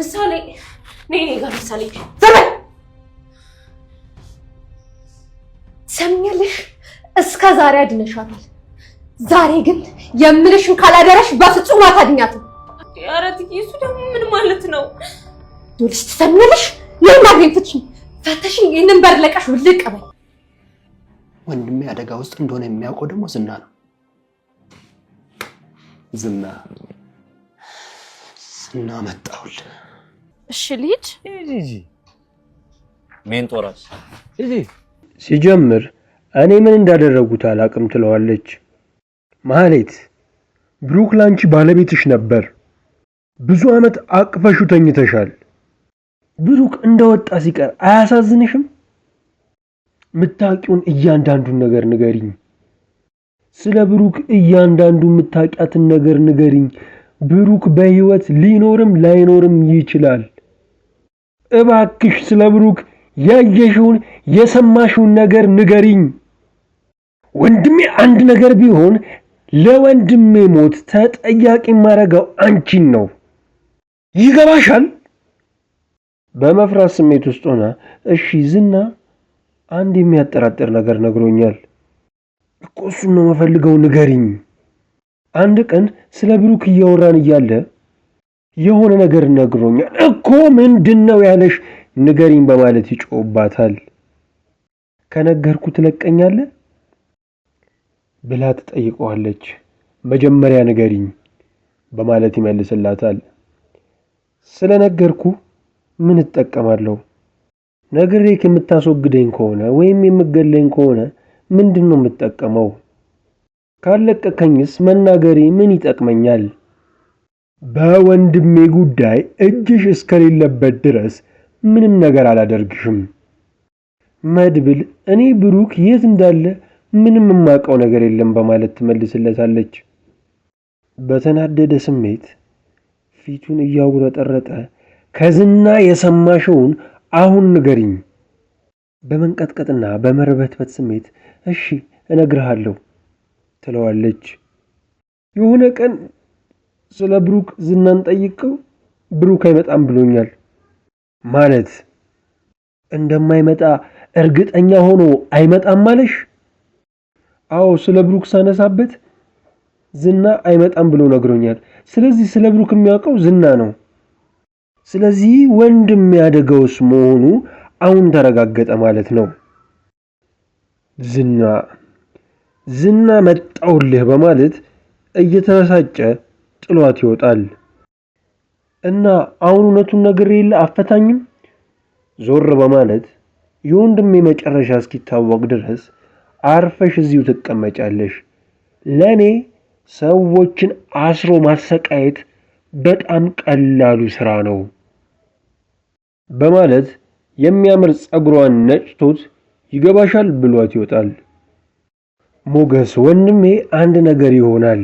ምሳሌ ነይ ጋር ምሳሌ። ዘመን ሰሚያለሽ፣ እስከ ዛሬ አድነሻታል። ዛሬ ግን የምልሽን ካላደረሽ በፍጹም አታድኛትም። ኧረ እትዬ፣ እሱ ደግሞ ምን ማለት ነው? ይኸውልሽ፣ ትሰሚያለሽ፣ ነይ እናግሪኝ። ፍትሽኝ፣ ፈተሽኝ፣ ይህንን በር ለቀሽ ውልቅ በይ። ወንድሜ አደጋ ውስጥ እንደሆነ የሚያውቀው ደግሞ ዝና ነው። ዝና ዝና መጣሁል እሺ ልሂድ። ሂጂ ሜን እዚ ሲጀምር እኔ ምን እንዳደረጉት አላቅም ትለዋለች ማህሌት። ብሩክ ላንቺ ባለቤትሽ ነበር። ብዙ ዓመት አቅፈሹ ተኝተሻል። ብሩክ እንደወጣ ሲቀር አያሳዝንሽም? ምታቂውን እያንዳንዱን ነገር ንገሪኝ። ስለ ብሩክ እያንዳንዱ ምታቂያትን ነገር ንገሪኝ። ብሩክ በህይወት ሊኖርም ላይኖርም ይችላል። እባክሽ ስለ ብሩክ ያየሽውን የሰማሽውን ነገር ንገሪኝ። ወንድሜ አንድ ነገር ቢሆን ለወንድሜ ሞት ተጠያቂ ማረገው አንቺን ነው። ይገባሻል? በመፍራት ስሜት ውስጥ ሆና እሺ፣ ዝና አንድ የሚያጠራጥር ነገር ነግሮኛል እኮ እሱን ነው መፈልገው፣ ንገሪኝ። አንድ ቀን ስለ ብሩክ እያወራን እያለ የሆነ ነገር ነግሮኛል እኮ ምንድን ነው ያለሽ? ንገሪኝ በማለት ይጮባታል። ከነገርኩ ትለቀኛለህ ብላ ትጠይቀዋለች። መጀመሪያ ንገሪኝ በማለት ይመልስላታል። ስለ ነገርኩ ምን እጠቀማለሁ? ነግሬክ የምታስወግደኝ ከሆነ ወይም የምገለኝ ከሆነ ምንድን ነው የምጠቀመው? ካለቀከኝስ መናገሬ ምን ይጠቅመኛል? በወንድሜ ጉዳይ እጅሽ እስከሌለበት ድረስ ምንም ነገር አላደርግሽም። መድብል እኔ ብሩክ የት እንዳለ ምንም የማውቀው ነገር የለም በማለት ትመልስለታለች። በተናደደ ስሜት ፊቱን እያጉረጠረጠ ከዝና የሰማሽውን አሁን ንገሪኝ። በመንቀጥቀጥና በመርበትበት ስሜት እሺ እነግርሃለሁ ትለዋለች። የሆነ ቀን ስለ ብሩክ ዝናን ጠይቀው ብሩክ አይመጣም ብሎኛል። ማለት እንደማይመጣ እርግጠኛ ሆኖ አይመጣም ማለሽ? አዎ፣ ስለ ብሩክ ሳነሳበት ዝና አይመጣም ብሎ ነግሮኛል። ስለዚህ ስለ ብሩክ የሚያውቀው ዝና ነው። ስለዚህ ወንድም ያደገውስ መሆኑ አሁን ተረጋገጠ ማለት ነው። ዝና ዝና መጣውልህ በማለት እየተበሳጨ ጥሏት ይወጣል። እና አሁን እውነቱን ነግሬ የለ አፈታኝም? ዞር በማለት የወንድሜ መጨረሻ እስኪታወቅ ድረስ አርፈሽ እዚሁ ትቀመጫለሽ። ለእኔ ሰዎችን አስሮ ማሰቃየት በጣም ቀላሉ ሥራ ነው በማለት የሚያምር ጸጉሯን ነጭቶት ይገባሻል ብሏት ይወጣል። ሞገስ ወንድሜ አንድ ነገር ይሆናል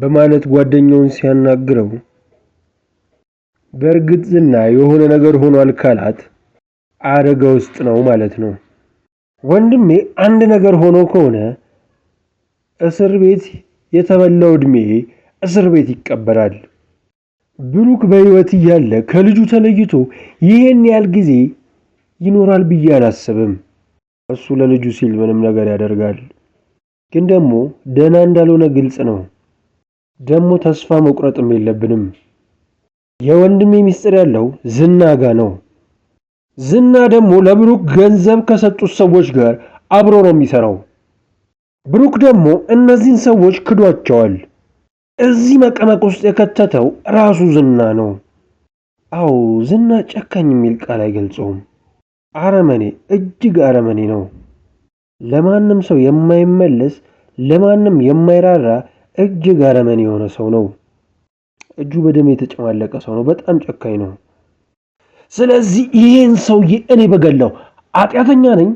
በማለት ጓደኛውን ሲያናግረው በእርግጥ ዝና የሆነ ነገር ሆኗል ካላት አደጋ ውስጥ ነው ማለት ነው። ወንድሜ አንድ ነገር ሆኖ ከሆነ እስር ቤት የተበላው ዕድሜ እስር ቤት ይቀበላል። ብሩክ በሕይወት እያለ ከልጁ ተለይቶ ይህን ያህል ጊዜ ይኖራል ብዬ አላስብም። እሱ ለልጁ ሲል ምንም ነገር ያደርጋል፣ ግን ደግሞ ደህና እንዳልሆነ ግልጽ ነው። ደግሞ ተስፋ መቁረጥም የለብንም። የወንድሜ ሚስጥር ያለው ዝና ጋ ነው። ዝና ደግሞ ለብሩክ ገንዘብ ከሰጡት ሰዎች ጋር አብሮ ነው የሚሰራው። ብሩክ ደግሞ እነዚህን ሰዎች ክዷቸዋል። እዚህ መቀመቅ ውስጥ የከተተው ራሱ ዝና ነው። አዎ ዝና ጨካኝ የሚል ቃል አይገልጸውም። አረመኔ፣ እጅግ አረመኔ ነው። ለማንም ሰው የማይመለስ ለማንም የማይራራ እጅግ አረመኔ የሆነ ሰው ነው። እጁ በደም የተጨማለቀ ሰው ነው። በጣም ጨካኝ ነው። ስለዚህ ይህን ሰውዬ እኔ በገላው ኃጢአተኛ ነኝ።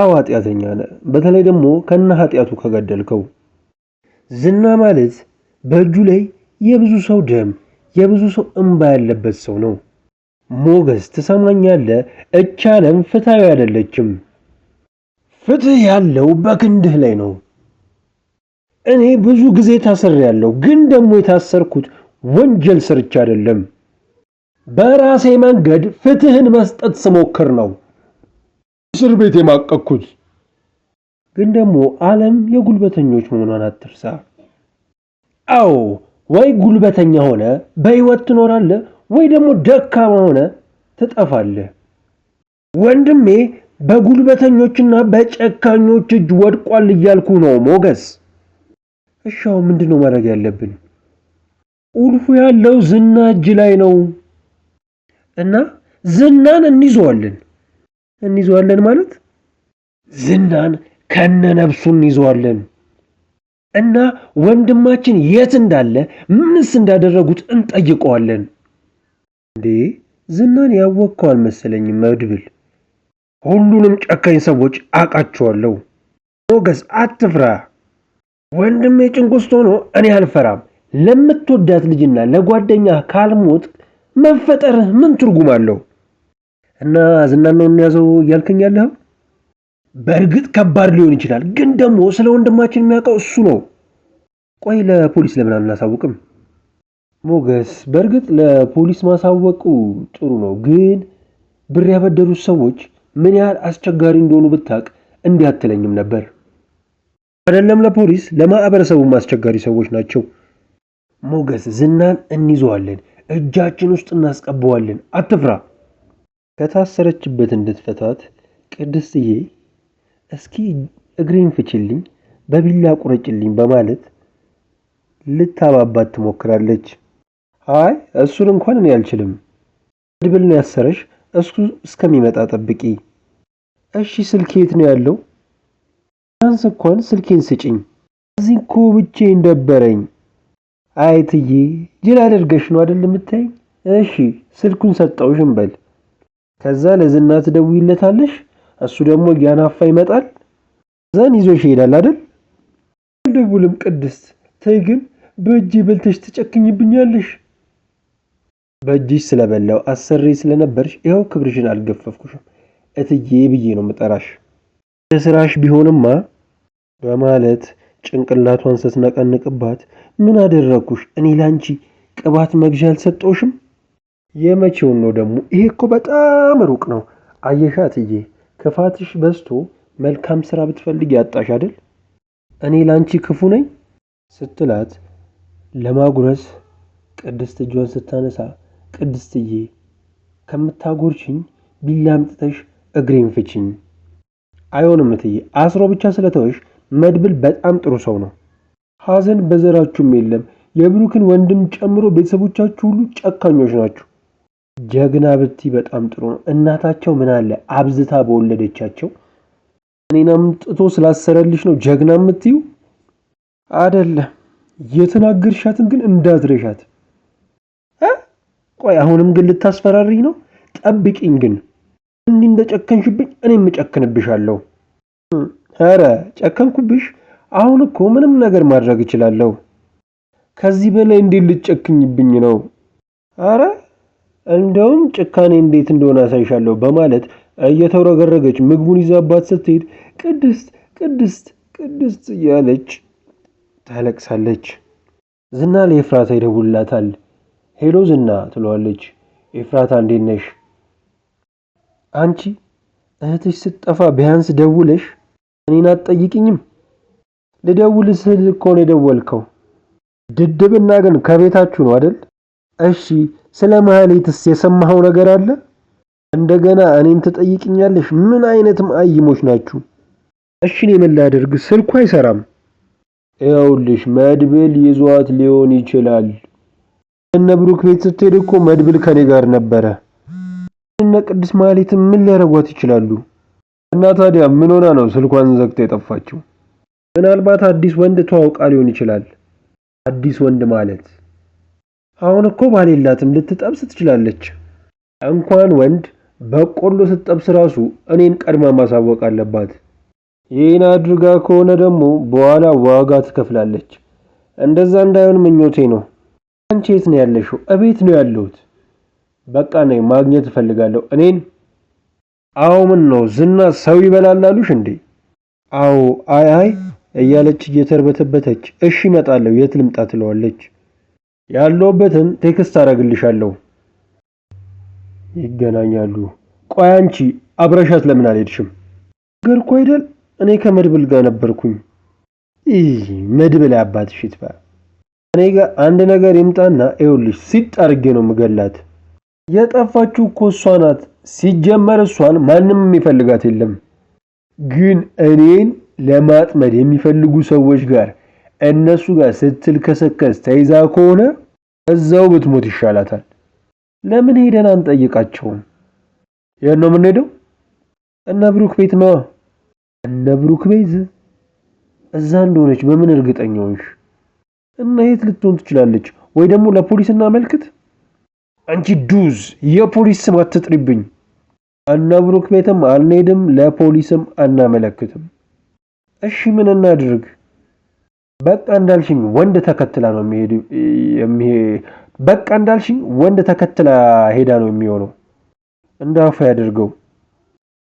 አዎ ኃጢአተኛ ነ በተለይ ደግሞ ከነ ኃጢአቱ ከገደልከው። ዝና ማለት በእጁ ላይ የብዙ ሰው ደም፣ የብዙ ሰው እንባ ያለበት ሰው ነው። ሞገስ ትሰማኛለህ? እቻለም ፍትሃዊ አይደለችም። ፍትህ ያለው በክንድህ ላይ ነው። እኔ ብዙ ጊዜ ታስሬያለሁ፣ ግን ደግሞ የታሰርኩት ወንጀል ሰርቼ አይደለም። በራሴ መንገድ ፍትህን መስጠት ስሞክር ነው እስር ቤት የማቀቅኩት። ግን ደግሞ ዓለም የጉልበተኞች መሆኗን አትርሳ። አዎ ወይ ጉልበተኛ ሆነ በሕይወት ትኖራለህ፣ ወይ ደግሞ ደካማ ሆነ ትጠፋለህ። ወንድሜ በጉልበተኞችና በጨካኞች እጅ ወድቋል እያልኩ ነው ሞገስ። እሻው ምንድን ነው ማድረግ ያለብን? ቁልፉ ያለው ዝና እጅ ላይ ነው እና ዝናን እንይዘዋለን። እንይዘዋለን ማለት ዝናን ከነ ነብሱ እንይዘዋለን እና ወንድማችን የት እንዳለ ምንስ እንዳደረጉት እንጠይቀዋለን። እንዴ ዝናን ያወቅከው አልመሰለኝም መድብል። ሁሉንም ጨካኝ ሰዎች አውቃቸዋለሁ። ሞገስ አትፍራ። ወንድሜ ጭንቁስት ሆኖ እኔ አልፈራም። ለምትወዳት ልጅና ለጓደኛ ካልሞት መፈጠር ምን ትርጉም አለው? እና ዝናን ነው እንያዘው እያልከኝ ያለኸው? በእርግጥ ከባድ ሊሆን ይችላል፣ ግን ደግሞ ስለ ወንድማችን የሚያውቀው እሱ ነው። ቆይ ለፖሊስ ለምን አናሳውቅም? ሞገስ፣ በእርግጥ ለፖሊስ ማሳወቁ ጥሩ ነው፣ ግን ብር ያበደሩት ሰዎች ምን ያህል አስቸጋሪ እንደሆኑ ብታውቅ እንዲህ አትለኝም ነበር። አይደለም ለፖሊስ ለማህበረሰቡም አስቸጋሪ ሰዎች ናቸው። ሞገስ ዝናን እንይዘዋለን፣ እጃችን ውስጥ እናስቀበዋለን፣ አትፍራ። ከታሰረችበት እንድትፈታት ቅድስትዬ እስኪ እግሬን ፍችልኝ፣ በቢላ ቁረጭልኝ በማለት ልታባባት ትሞክራለች። አይ እሱን እንኳን እኔ አልችልም፣ ድብል ነው ያሰረሽ፣ እሱ እስከሚመጣ ጠብቂ። እሺ ስልክ የት ነው ያለው? ቢያንስ እንኳን ስልኬን ስጭኝ። እዚህ እኮ ብቻዬን ደበረኝ። አይትዬ ጅል አድርገሽ ነው አይደል የምታይኝ? እሺ ስልኩን ሰጠውሽ እንበል። ከዛ ለዝና ትደውይለታለሽ። እሱ ደግሞ እያናፋ ይመጣል። ዘን ይዞሽ ይሄዳል አይደል? አልደውልም ቅድስት፣ ተይ ግን በእጅ በልተሽ ትጨክኝብኛለሽ። በእጅሽ ስለበላው አሰሬ ስለነበርሽ ይኸው ክብርሽን አልገፈፍኩሽም እትዬ ብዬ ነው የምጠራሽ። ለስራሽ ቢሆንማ በማለት ጭንቅላቷን ስትነቀንቅባት ምን አደረግኩሽ? እኔ ላንቺ ቅባት መግዣ አልሰጠውሽም? የመቼውን ነው ደግሞ? ይሄ እኮ በጣም ሩቅ ነው። አየሻትዬ፣ ክፋትሽ በዝቶ መልካም ስራ ብትፈልግ ያጣሽ አይደል? እኔ ላንቺ ክፉ ነኝ ስትላት ለማጉረስ ቅድስት እጇን ስታነሳ፣ ቅድስትዬ ከምታጎርችኝ ቢላ አምጥተሽ እግሬን ፍችኝ። አይሆንም እትዬ፣ አስሮ ብቻ ስለተወሽ መድብል በጣም ጥሩ ሰው ነው። ሐዘን በዘራችሁም የለም። የብሩክን ወንድም ጨምሮ ቤተሰቦቻችሁ ሁሉ ጨካኞች ናችሁ። ጀግና ብቲ በጣም ጥሩ ነው። እናታቸው ምን አለ አብዝታ በወለደቻቸው እኔን አምጥቶ ስላሰረልሽ ነው ጀግና የምትዩ አደለም። የተናገርሻትን ግን እንዳትረሻት። ቆይ አሁንም ግን ልታስፈራሪኝ ነው? ጠብቂኝ ግን እንዲህ እንደጨከንሽብኝ እኔም እጨክንብሻለሁ። ኧረ ጨከንኩብሽ። አሁን እኮ ምንም ነገር ማድረግ እችላለሁ። ከዚህ በላይ እንዴት ልጨክኝብኝ ነው? አረ እንደውም ጭካኔ እንዴት እንደሆነ አሳይሻለሁ በማለት እየተውረገረገች ምግቡን ይዛባት ስትሄድ ቅድስት ቅድስት ቅድስት እያለች ታለቅሳለች። ዝና ለኤፍራታ ይደውልላታል። ሄሎ ዝና ትለዋለች። ኤፍራታ እንዴት ነሽ? አንቺ እህትሽ ስትጠፋ ቢያንስ ደውለሽ እኔን አትጠይቅኝም? ልደውል ስል እኮ ነው የደወልከው። ድድብና ግን ከቤታችሁ ነው አይደል? እሺ፣ ስለ ማህሌትስ የሰማኸው ነገር አለ? እንደገና እኔን ትጠይቅኛለሽ? ምን አይነት መአይሞች ናችሁ? እሺ፣ እኔ ምን ላድርግ? ስልኩ አይሰራም። ይኸውልሽ መድብል ይዟት ሊሆን ይችላል። እነ ብሩክ ቤት ስትሄድ እኮ መድብል ከኔ ጋር ነበረ። እነ ቅድስት ማህሌትን ምን ሊያረጓት ይችላሉ? እና ታዲያ ምን ሆና ነው ስልኳን ዘግታ የጠፋችው? ምናልባት አዲስ ወንድ ተዋውቃ ሊሆን ይችላል። አዲስ ወንድ ማለት አሁን እኮ ባል የላትም፣ ልትጠብስ ትችላለች። እንኳን ወንድ በቆሎ ስትጠብስ ራሱ እኔን ቀድማ ማሳወቅ አለባት። ይህን አድርጋ ከሆነ ደግሞ በኋላ ዋጋ ትከፍላለች። እንደዛ እንዳይሆን ምኞቴ ነው። አንቺ የት ነው ያለሽው? እቤት ነው ያለሁት። በቃ ነኝ፣ ማግኘት እፈልጋለሁ እኔን አዎ ምን ነው ዝና ሰው ይበላል አሉሽ እንዴ? አዎ አይ አይ እያለች እየተርበተበተች እሺ እመጣለሁ የት ልምጣ ትለዋለች። ያለውበትን ቴክስት አረግልሻለሁ። ይገናኛሉ። ቆይ አንቺ አብረሻት ለምን አልሄድሽም? ገርኩ አይደል እኔ ከመድብል ጋር ነበርኩኝ። ይህ መድብል አባትሽ ይጥፋ። እኔ ጋር አንድ ነገር ይምጣና ይኸውልሽ ሲጥ አድርጌ ነው ምገላት። የጠፋችሁ እኮ እሷ ናት ሲጀመር እሷን ማንም የሚፈልጋት የለም። ግን እኔን ለማጥመድ የሚፈልጉ ሰዎች ጋር እነሱ ጋር ስትልከሰከስ ተይዛ ከሆነ እዛው ብትሞት ይሻላታል። ለምን ሄደን አንጠይቃቸውም? የት ነው የምንሄደው? እነ ብሩክ ቤት ነዋ። እነ ብሩክ ቤት እዛ እንደሆነች በምን እርግጠኛ ሆንሽ? እና የት ልትሆን ትችላለች? ወይ ደግሞ ለፖሊስ እናመልክት? አንቺ ዱዝ የፖሊስ ስም አትጥሪብኝ። አነብሩክ ቤትም አንሄድም፣ ለፖሊስም አናመለክትም። እሺ ምን እናድርግ? በቃ እንዳልሽኝ ወንድ ተከትላ ነው በቃ እንዳልሽኝ ወንድ ተከትላ ሄዳ ነው የሚሆነው። እንዳፋ ያደርገው።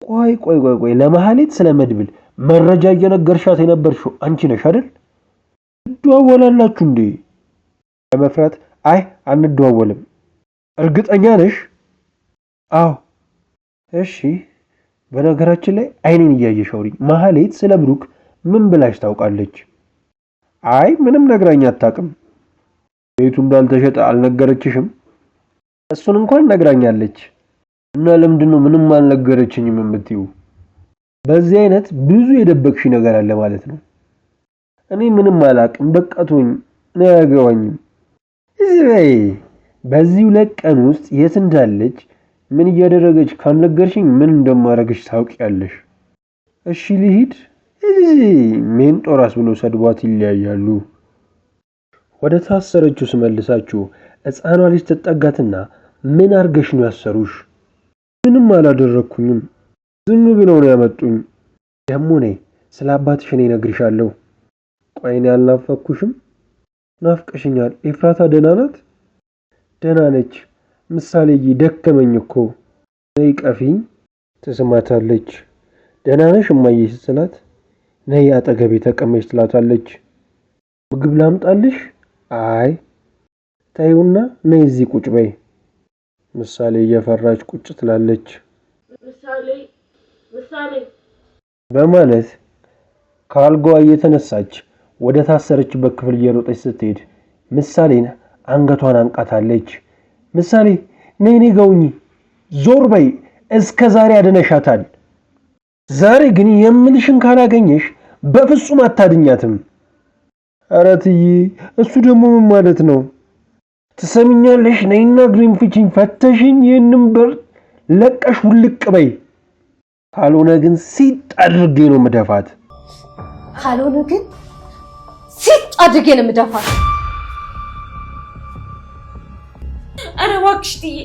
ቆይ ቆይ ቆይ ቆይ ለመሀሌት ስለ መድብል መረጃ እየነገርሻት የነበርሽው አንቺ ነሽ አይደል? ትደዋወላላችሁ እንዴ? ለመፍራት አይ አንደዋወልም። እርግጠኛ ነሽ? አዎ እሺ በነገራችን ላይ አይኔን እያየሽ አውሪኝ። ማህሌት ስለ ብሩክ ምን ብላሽ ታውቃለች? አይ ምንም ነግራኝ አታውቅም። ቤቱ እንዳልተሸጠ አልነገረችሽም? እሱን እንኳን ነግራኛለች። እና ለምንድነው ምንም አልነገረችኝም የምትይው? በዚህ አይነት ብዙ የደበቅሽ ነገር አለ ማለት ነው። እኔ ምንም አላውቅም፣ በቃ ተወኝ፣ አያገባኝም። በዚህ ሁለት ቀን ውስጥ የት እንዳለች ምን እያደረገች ካልነገርሽኝ ምን እንደማረግሽ ታውቂያለሽ። እሺ ልሂድ። ሜንጦ ራስ ብለው ሰድቧት ይለያያሉ። ወደ ታሰረችው ስመልሳችሁ ሕፃኗ ልጅ ትጠጋትና ምን አርገሽ ነው ያሰሩሽ? ምንም አላደረግኩኝም። ዝም ብለው ነው ያመጡኝ። ደግሞ ነይ ስለ አባትሽ እኔ እነግርሻለሁ። ቆይ እኔ አልናፈኩሽም? ናፍቀሽኛል። ኤፍራታ ደህና ናት? ደህና ነች። ምሳሌ ደከመኝ እኮ ነይ ቀፊኝ ትስማታለች። ደህና ነሽ እማዬ ስትላት ነይ አጠገቤ ተቀመጭ ትላታለች። ምግብ ላምጣልሽ? አይ ታዩና ነይ እዚህ ቁጭ በይ። ምሳሌ እየፈራች ቁጭ ትላለች። በማለት ከአልጋዋ እየተነሳች ወደ ታሰረችበት ክፍል እየሮጠች ስትሄድ ምሳሌን አንገቷን አንቃታለች። ምሳሌ ነይ ነይ ገውኚ ዞር በይ እስከ ዛሬ አድነሻታል። ዛሬ ግን የምልሽን ካላገኘሽ በፍጹም አታድኛትም። ኧረ እትዬ እሱ ደግሞ ምን ማለት ነው? ትሰሚኛለሽ? ነይና ግሪን ፍቺኝ፣ ፈተሽኝ፣ ይህንም በር ለቀሽ ውልቅ በይ። ካልሆነ ግን ሲጥ አድርጌ ነው ምደፋት። ካልሆነ ግን ሲጥ አድርጌ ነው ምደፋት። ኧረ እባክሽ ትዬ፣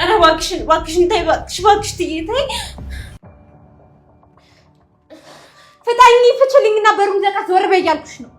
ኧረ እባክሽን፣ እባክሽን ተይ፣ እባክሽ፣ እባክሽ ትዬ ተይ፣ ፍታኝ፣ ፍችልኝና በሩን ዘጋት፣ ዘወር በይ እያልኩሽ ነው።